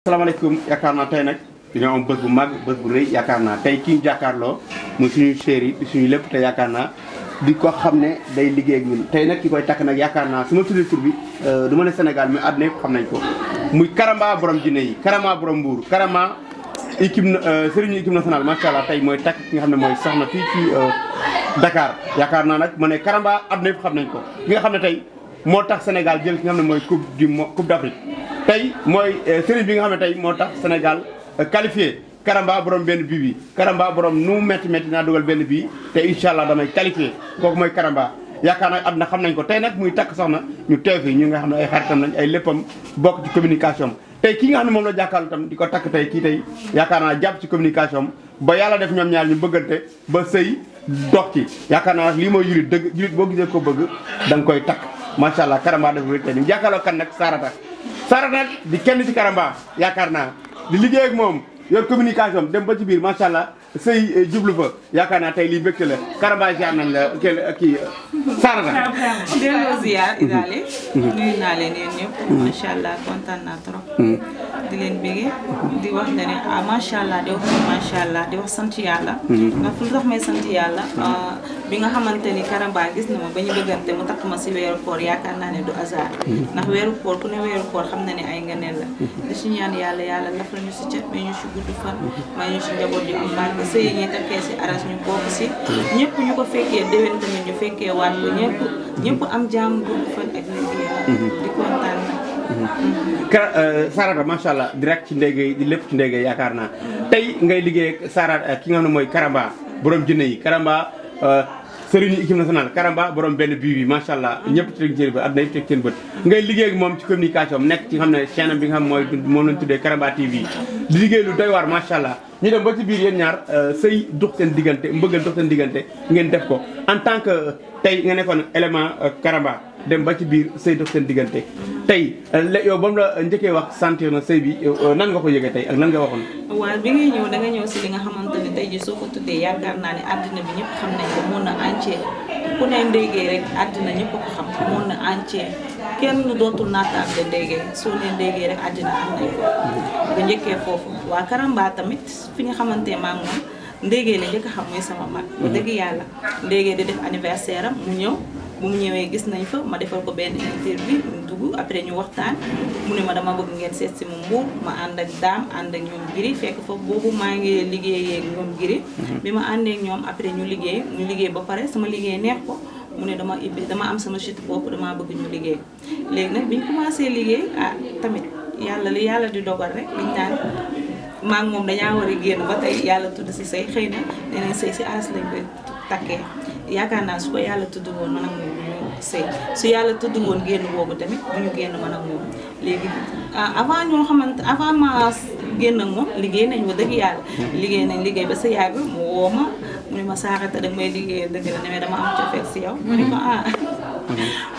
asalaamaaleykum yaakaar naa tey nag dañoo am bés bu mag bés bu rëy yaakaar naa tey ki ñu jàkkaarloo muy suñu chéri di suñu lépp te yaakaar naa di ko xam ne day liggéey ak ñun tey nag ki koy takk nag yaakaar naa su ma tuddee tur bi euh, du ma ne Sénégal mais àdduna yëpp nañ ko muy Karamba borom jinne yi Karamba borom mbuur Karamba équipe euh, sëriñu équipe nationale macha allah tey mooy takk ki nga xam ne mooy soxna fii ci euh, Dakar yaakaar naa nag ma ne Karamba àdduna yëpp xam nañ ko ki nga xam ne tey moo tax Sénégal jël ki nga xam ne mooy coupe du coupe d'Afrique tey mooy euh, sëriñ bi nga xam ne tey moo tax Sénégal euh, qualifié Karamba borom benn bii bi Karamba borom nu metti métti naa dugal benn bii te incha allah damay qualifié kooku mooy Karamba. yaakaar naa na xam nañ ko tey nag muy takk soxna ñu teew fi ñu nga xam ne ay xaritam lañ ay léppam bokk ci communication tey kii nga xam ne moom la jàkkaarloo tam di ko takk tey kii tey yaakaar naa jàpp ci communication ba yàlla def ñoom ñaar ñu bëggante ba sëy dox ci yaakaar naa lii mooy julit dëgg julit boo gisee ko bëgg da koy takk macha allah Karamba dafa wér tey ni jàkkaarloo Sara nag di kenn si Karamba yaakaar naa di liggéey moom yor communication dem ba ci biir macha allah sëy eh, jublu fa yaakaar naa tey lii mbégte la Karamba la kenn kii eh, Sara nag. delloo ziar Idaly. Mhm. nuyu naa leen mhm. allah kontaan naa trop. Mhm. di leen béggee ah, di wax ne ne ah macha allah di wax macha allah di wax sant yàlla. Mhm. ndax lu tax may sant yàlla. Ah, bi nga xamante ni Karamba gis na ma ba ñu bëggante mu takk ma si weeru koor yaakaar na ne du hasard. Mhm. ndax weeru koor ku ne weeru koor xam na ne ay ngeneel la. Mhm. di si ñaan yàlla yàlla daf la ñu si cat may ñu si gudd fan. may ñu si njaboot yu am barke sëy yi ñuy takkee si aras ñu bokk si. ñëpp ñu ko fekkee déwén tamit ñu fekkee waat ko ñëpp. ñëpp am jàmm gudd fan ak liggéey. di kontaan nag. Euh, Sarata macha allah di rek ci ndéggéey di lépp ci ndéggéey yaakaar naa tey ngay liggéey ak Sarata euh, ki nga xam ne mooy Karamba borom jënne yi Karamba euh, sëriñu équipe nationale Karamba borom benn bii bi macha allah mm-hmm. ñëpp teg seen bët àdduna yëpp teg seen bët ngay liggéey moom ci communication am nekk ci nga xam ne chaîne bi nga xam mooy moom lañ tuddee Karamba TV di liggéey lu doy waar macha allah ñu dem ba ci biir yéen ñaar sëy dox seen diggante mbëggal dox seen diggante ngeen def ko en tant que tey nga nekkoon élément Karamba dem ba ci biir sëy seen diggante tey yow ba mu la njëkkee wax sentir na sëy bi euh, nan nga ko yëgee tey ak lan nga waxoon. waaw bi ngay ñëw da nga ñëw si li nga xamante ne tey jii soo ko tuddee yaakaar naa ne àddina bi ñëpp xam nañ ko monde entier ku ne ndéygee rek àddina ñëpp ko xam monde entier kenn dootul naataat de ndéygee soo ne ndéygee rek àddina xam nañ ko. bu mm-hmm. njëkkee foofu waa Karamba tamit fi nga xamante ne maa ndéegee ni njëkk xam muy sama mag bu dëgg yàlla ya ndéegee di def anniversaire am mu ñëw bu mu ñëwee gis nañ fa ma defal ko benn interview ñu dugg après ñu waxtaan mu ne ma dama bëgg ngeen sét ci mu mbuur ma and ak daam and ak ñoom giri fekk fa bobu ma ngi liggéeyé ak ñoom giri mhm. bi ma àndee ak ñoom après ñu liggéey ñu liggéey ba paré sama liggéey neex ko mu ne dama ibé dama am sama chute bop dama bëgg ñu liggéey légui nak biñ commencé liggéey ah tamit yalla li yalla di dogal rek biñ naan maa ngi moom dañaa war a génn ba tey yàlla tudd si say xëy na nee nañ sëy si aras lañ koy takkee yaakaar naa su ko yàlla tudd woon man ak moom yàlla tudd woon génn boobu tamit ñu génn man ak moom léegi ah, avant ñoo xamante avant ma génn ak moom liggéey nañ ba dëgg yàlla liggéey nañ liggéey ba sa yaay bi mu woo ma mu ne ma saaxata danga may liggéey dëgg la ne dama am cofeel si yow mu ne ma ah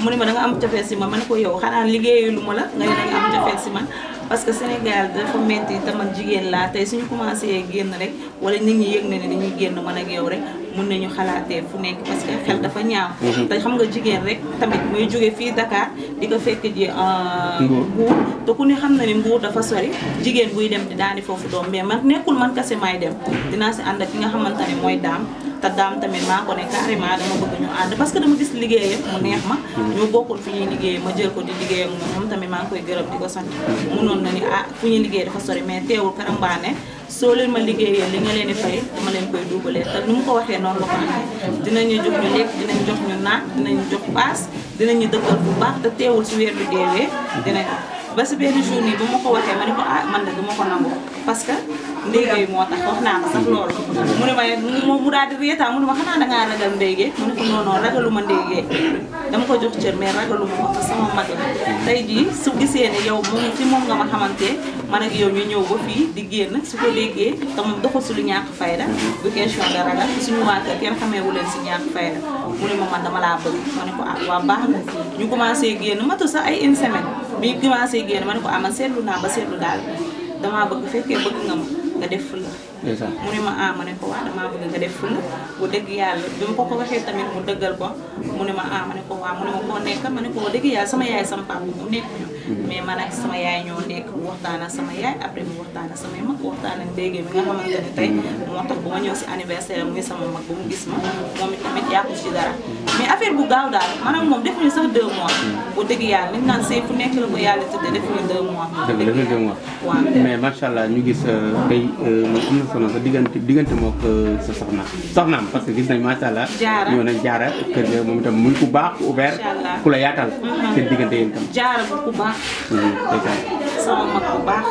mu ne ma da am cofeel si man ma ne ko yow xanaa liggéeyu lu ma la nga ne da am cofeel si man parce que Sénégal dafa metti te man jigéen laa tey suñu commencé génn rek wala nit ñi yëg na ne dañuy génn man ak yow rek mun nañu xalaatee fu nekk parce que xel dafa ñaaw. Mhm. te xam nga jigéen rek tamit muy jóge fii Dakar di ko fekk ji. Euh, Mbour te ku ne xam na ni Mbour dafa sori jigéen buy dem di daani foofu doom mais man nekkul man kese may dem dinaa si ànd ak ki nga xamante ne mooy daam. te daam tamit maa ko ne carrément dama bëgg ñu ànd parce que dama gis liggéeyam mu neex ma mhm. ñu bokkul fi ñuy liggéey ma jël ko di liggéeyam ak moom tamit maa koy gërëm di ko sant munoon na ni ah fu ñuy liggéey dafa sori mais teewul soo leen ma liggéeyee li nga leen di fay dama leen koy duubalee te ni mu ko waxee noonu la ko amee dinañu jox ñu lekk dinañ jox ñu naan dinañu jox paas dinañu dëkkal bu baax te teewul si weer bi deewee dinañ ba si benn jour nii bu ma ko waxee ma ne ko ah man na du ma ko nangu parce ndéegay moo tax wax naa ko sax loolu mu ne ma mu daal di reetaan mu ne ma xanaa da ngaa ragal ndéegee mu ne ko non non ma ndéegee dama ko jox cër mais ma ko sama mag la su gisee ne yow moom ci moom nga ma xamante man ak ñëw ba fii di génn su ko déggee te moom doxul si lu ñàkk fayda bu question de ragal suñu waa kër kenn xamee wu leen si ñàkk fayda mu ne ma man dama laa bëgg ma ne ko ah waa baax na ñu commencé génn matul sax ay une semaine bi ñu commencé génn ma ne ko am ah, a seetlu naa ba seetlu daal damaa bëgg fekkee bëgg nga ma nga def fulla mu ne ma ah ma ne ko waa damaa bëgg nga def fulla bu dëgg yàlla bi ma ko ko waxee tamit mu dëggal ko mu ne ma ah ma ne ko waa mu ne ma koo nekk ma ne ko dëgg yàlla sama yaay sama papa mu nekk ñu mm-hmm. mais man ak sama yaay ñoo nekk waxtaan ak sama yaay après mu waxtaan ak samay mag waxtaan ak déggee mi nga xamante ne tey mm-hmm. moo tax bu ma ñëw si anniversaire muy sama mag bu mu gis ma moom it tamit yàqu ci dara mm-hmm. mais affaire bu gaaw daal maanaam moom def ñu sax deux bu hmm. dëgg yàlla liñ naan sëy fu nekk la ko yàlla tëddee def ñu deux mais macha allah ñu gis euh, tey euh, man am na solo sa diggante diggante moog euh, sa soxna soxnaam parce que gis nañ macha allah. jaara ñëw nañ jaara kër moom itam muy ku baax ku ouvert. ku la yaatal. Hmm. seen diggante yéen itam. jaara bu ku baax. Hmm, sama mag bu baax.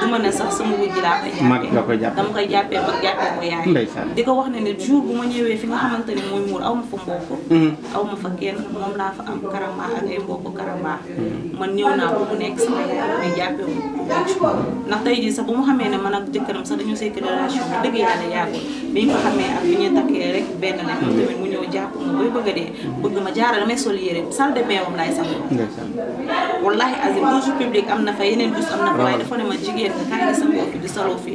du ma ne sax sama wujj laa koy jàppee. mag nga koy jàppee dama koy jàppee mag jàppee ko yaay. ndeysaan di ko wax ne ne jour bu ma ñëwee fi nga xamante ni mooy muur aw ma fa mbokk. Mm-hmm. aw ma fa kenn moom laa fa am karamba ak ay mbokk karamba. Mm-hmm. man ñëw naa ba mu nekk sama yaay may jàppee mu ndax sax bu mu xamee ne man ak jëkkëram sax dañu sekk relation bi dëgg yàlla yàggul bi ñu ko xamee rek benn la moom mm-hmm. tamit mu ñëw jàpp ma bay bëgg a bëgg ma jaara damay sol yére salle de bain moom laay sax wallahi azim toujours public am na fa yeneen dus am na fa waaye dafa ne a jigéen nga kaay nga sangoo fi di saloo fi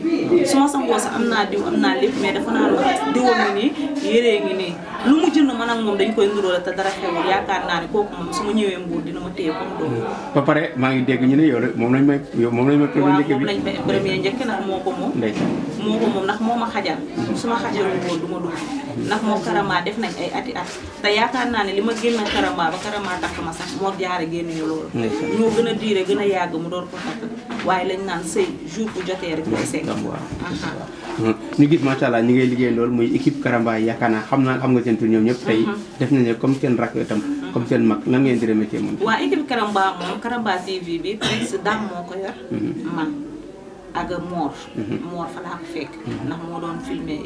su ma sangoo sax am naa diw am naa lépp mais dafa naan ma diwa ngi nii yéree ngi nii lu mu jënd man ak moom dañ koy nduróole te dara xewul yaakaar naa ne kooku moom su ma ñëwee mbuur ba pare maa ngi dégg ñu ne moom lañ ma moom karama def nañ ay ati te yaakaar naa ne li ma génn karama ba karama takk ma sax moo jaare génn ñu loolu. ñoo gën a diire gën a yàgg mu door ko takk waaye lañ naan sëy jour bu jotee rek day sekk. gis macha allah ñi ngay liggéey loolu muy équipe karamba yaakaar naa xam naa xam nga seen tur ñoom ñëpp tey mhm. def nañ ne comme seen rakk itam comme mag lan ngeen di remercier waa équipe Karamba moom Karamba TV bi presque moo ko yor. Mhm. ak moor moor mhm. fa laa ko fekk mhm. ndax moo doon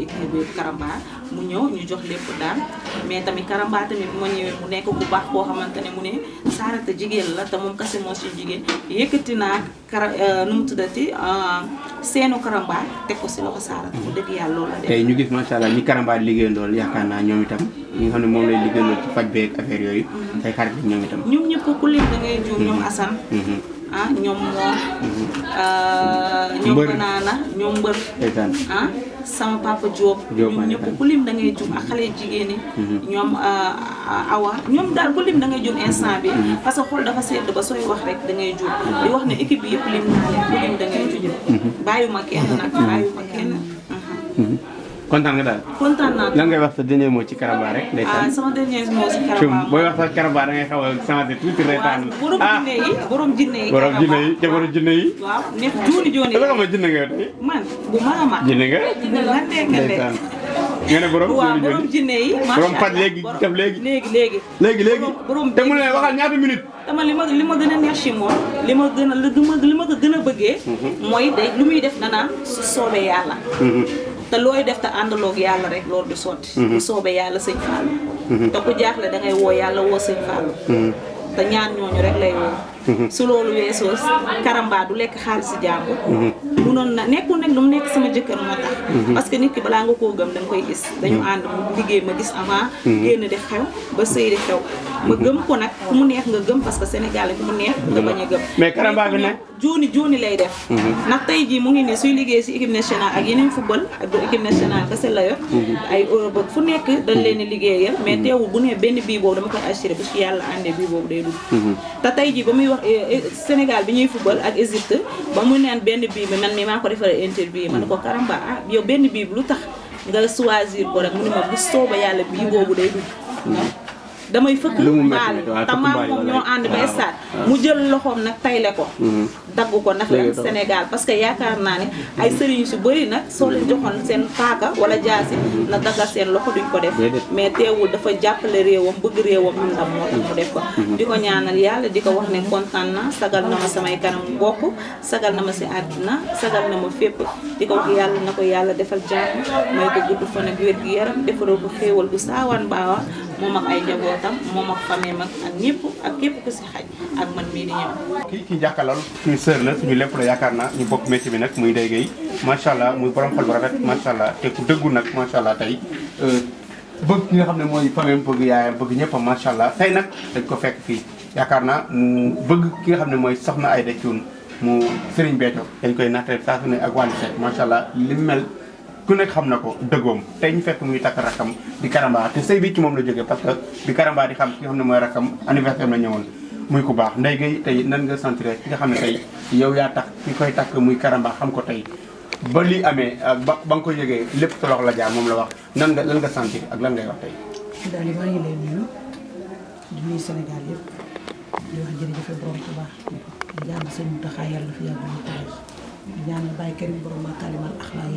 équipe karamba mu ñëw ñu jox lépp daan mais tamit karamba tamit bu ma ñëwee mu nekk ku baax koo xamante mu ne saarata jigéen la te moom kase moo si jigéen yëkkati naa kara euh, nu mu tuddati euh, seenu karamba teg ko si loxo saarata mhm. bu loolu la def ñu gis allah ñi karamba liggéey lool yaakaar ñoom itam ñi nga xam ne lay liggéey lool ci faj beeg affaire yooyu say xarit ñoom itam ñoom ku da ngay ñoom asan ah ñoom moom. mbër ñoom ñoom mbër. ah sama papa Diop. Diop ñun ñëpp ku lim da ngay jum ak xale jigéen ñi. Mm-hmm. ñoom ah, awa ñoom daal ku lim da ngay jum instant bi mm-hmm. parce que xool dafa sedd ba sooy wax rek da ngay jum. Mm-hmm. di wax ne équipe bi yëpp lim naa leen ku lim da ngay jum. kenn nag bàyyiwuma kenn. kontaan nga daal. kontaan naa lan ngay wax sa dernier mot ci Karamba rek. Ah, ndeysaan ah sama dernier mot ci Karamba. booy wax sa Karamba da ngay xaw a changé tuuti reetaan. ah borom jinne yi borom jinne yi jabaru jinne yi. waaw neef jooni jooni. dama xam ne jinne nga tey. man bu ma amaat. jinne nga ndeysaan. nga ne borom waaw borom jinne yi. borom faj léegi def léegi. léegi léegi. léegi léegi te mu ne waxal ñaata minute. dama li ma li ma gën a neex ci moom li ma gën a li ma li ma ko gën a bëggee. Mhm. mooy day lu muy def danaan su soobee yàlla mhm. te looy def te àndaloog yàlla rek loolu du sotti bu mhm. soobee yàlla sëñ Fallou mhm. te ku jaaxle da ngay woo yàlla woo sëñ Fallou mhm. te ñaan ñooñu rek lay woo Mm-hmm. su loolu weesoo karamba du lekk xaalis jàmbu munoon mm-hmm. na nekkul nag lu mu nekk sama jëkkër moo tax mm-hmm. parce que nit ki balaa nga koo gëm da nga koy gis dañu ànd mu liggéey ma gis avant génn di ba sëy di xew ma gëm ko nag ku mu neex nga gëm parce que Sénégal ku mu neex nga bañ a gëm mais karamba bi nag juuni juuni lay def ndax tey jii mu ngi ne suy liggéey si équipe nationale ak yeneen football ak du équipe nationale kese la yor ay Europe fu nekk dañ leen di liggéeyal mais teewul bu ne benn bii boobu dama koy assuré bu si yàlla àndee bii boobu day dugg sax eh, eh, Sénégal bi ñuy football ak Égypte ba mu neen benn bii bi man mii maa ko defaree interview yi man ne ko ba ah yow benn bii bi lu tax nga choisir ko rek mu ne ma bu sooba yàlla bii boobu day dugg damay fëkk mbaal te maam moom ñoo ànd ba stade mu jël loxoom nag tayle ko mm-hmm. dagg ko ndax lan Sénégal parce que yaakaar naa ne ay sëriñ si bëri nag soo leen joxoon seen paaka wala jaasi mm-hmm. na daggal seen loxo duñ ko def mais teewul dafa jàppale réewam bëgg réewam am ndam moo tax mu def ko mm-hmm. di ko ñaanal yàlla di ko wax ne kontaan na sagal na ma samay kanam bokk sagal na ma si àddina sagal na ma fépp di ko wax yàlla na ko yàlla defal jàmm may ko gudd fan ak wér gi moom ak ay njabootam moom ak famille mag ak ñëpp ak képp ku si xaj ak man mii di ñëw. kii kii njàkkalal suñu sœur la suñu lépp la yaakaar naa ñu bokk métier bi nag muy Ndeye Gueye macha allah muy borom xol bu rafet macha allah te ku dëggu nag macha allah tey. Euh, bëgg ki nga xam ne mooy famille bëgg yaayam bëgg ñëppam macha allah tey nag dañ ko fekk fii yaakaar naa mu bëgg ki nga xam ne mooy na ay Aïda Thioune mu Serigne Béthio dañ koy nattale saa su ne ak wàllu ku nek xam nako deggom tay ñu fekk muy tak rakam di karamba te sey bi ci mom la joge parce que di karamba di xam ki xam na moy rakam anniversaire na ñewon muy ku baax ndey gay tay nan nga sentir ki nga xam tay yow ya tak ki koy tak muy karamba xam ko tay ba li amé ah, ba ba nga ko yëgee lépp sa la jaar mom la wax nan nga lan nga sentir ak lan ngay wax tey daal maa ngi lay nuyu di nuyu Sénégal yépp di wax jëri jërëjëf borom ku baax di ñaan sëñ Moutakha yàlla fi yalla mu taxaw di ñaan baay kër borom ma kalimal axlaa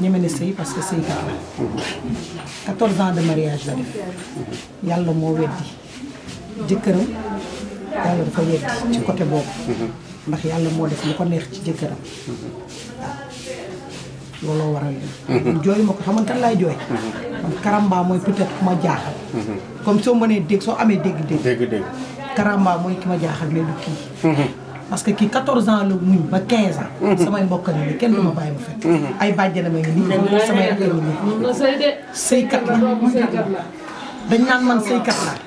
ñeme na sëy parce que sëykat la 14 ans de mariage la def yàlla moo weddi jëkkëram yàlla dafa weddi ci côté boobu ndax yàlla moo def lu ko neex ci jëkkëram waaw looloo waral li mhm. jooy ma ko xamantan laay jooy mhm. man mooy peut-être ku ma jaaxal mhm. comme soo mënee dégg soo amee dégg-dégg dégg mooy ki ma jaaxal mais du kii parce que kii 14 ans la muñ ba 15 ans. Mhm. samay mbokk a ngi kenn du ma bàyyi ma fekk. Mhm. ay bàjjenam a ngi nii mhm. samay rakk a nii. sëykat la dañ naan man sëykat laa.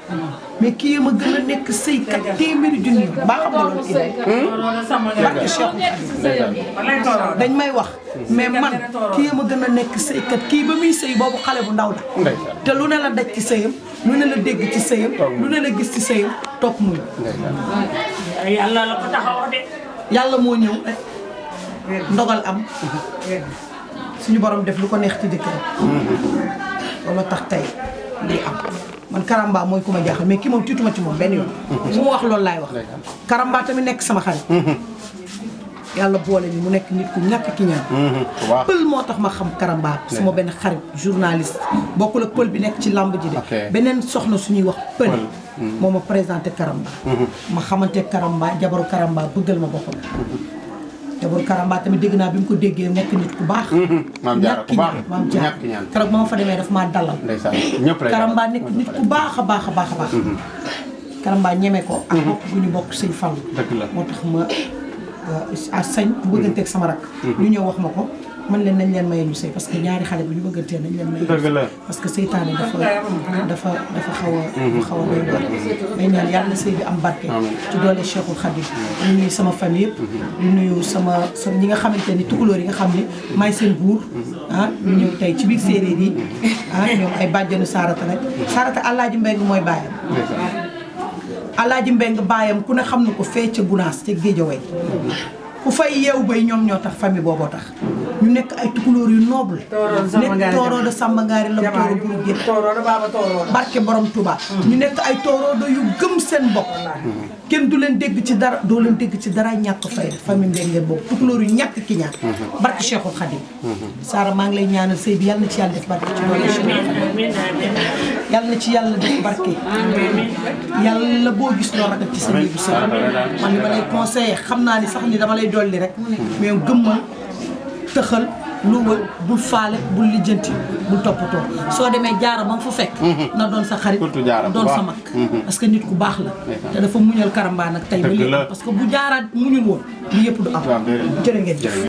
mais kii ma gën a nekk sëykat téeméeri junni baa xam hmm? dañ may wax mais man kii a gën a nekk sëykat kii ba muy sëy boobu xale bu ndaw la te lu ne la daj ci sëyam lu ne la dégg ci sëyam lu ne la gis ci sëyam toog muñ yàlla la ko tax de. yàlla moo ñëw ndogal am. suñu borom def lu ko neex ci dëkk mm-hmm. loolu tax tey lii am man Karamba mooy ku ma jaaxal mais ki moom tiituma ci moom benn yoon. su ma wax loolu laay wax. Karamba tamit nekk sama xarit. Mm-hmm. yàlla boole ñu mu nekk nit ku ñàkk ki ñaan mhm, pël moo tax ma xam karamba suma benn xarit journaliste bokkul ak pël bi nekk ci làmb ji de beneen soxna suñuy wax pël mhm. moo ma présenté karamba mhm. ma xamante karamba jabaru karamba bëggal ma boppam jabaru karamba tamit dégg naa bi mu ko déggee nekk nit ku baax maam jaara ku baax maam fa demee daf maa dalal karamba nekk nit ku baax a baax a baax a baax ñeme ko ak bu ñu bokk sëñ Fall moo tax ma à sañ bu bëgganteeg sama rak ñu ñëw wax ma ko man leen nañ leen maye ñu sëy parce que ñaari xale bi ñu bëggantee nañ leen maye parce que seytaane dafa dafa dafa xaw a xaw a doy doole may bi am barke ci doole Cheikhul yi ñu nuyu sama fan yëpp ñu nuyu sama sa ñi nga xamante ni tukulóor yi nga xam ne may seen buur ah ñu ñëw tey ci biir séeréer yi ah ñoom ay bàjjanu Sarata nag Sarata Alaaji Mbay mooy bàyyam alaaji mbeng baayam ku ne xam na ko fee ca gunaas ca géejaway ku fay yeew bay ñoom ñoo tax famille booboo tax ñu nekk ay tukulóor yu noble nekk tooroo de sàmbangaari la tooro buru jé barke borom Touba mm. ñu nekk ay tooroo yu gëm seen bokk kenn du leen dégg ci dara doo leen dégg ci dara ñàkk fay famille mbengeen boobu tukulóor yu ñàkk ki ñaan mm-hmm. barke Cheikhul Khadim mm-hmm. Sara maa ngi lay ñaanal sëy bi yàlla na ci yàlla def barke ci loolu Cheikhul Khadim yàlla na ci yàlla def barke yàlla boo gis loo ragal ci sa biir bu sëy man ni ma lay xam naa ni sax ni dama lay dolli rek mais gëmmal tëxal lu wër bul faale bul lijjanti bul toppatoo soo demee jaara ba nga fa fekk mhm. na doon sa xarit doon sa mag mhm. parce que nit ku baax la te dafa muñal karambaan ak tey léegi parce que bu jaaraat muñul woon li yëpp du am jërë ngeen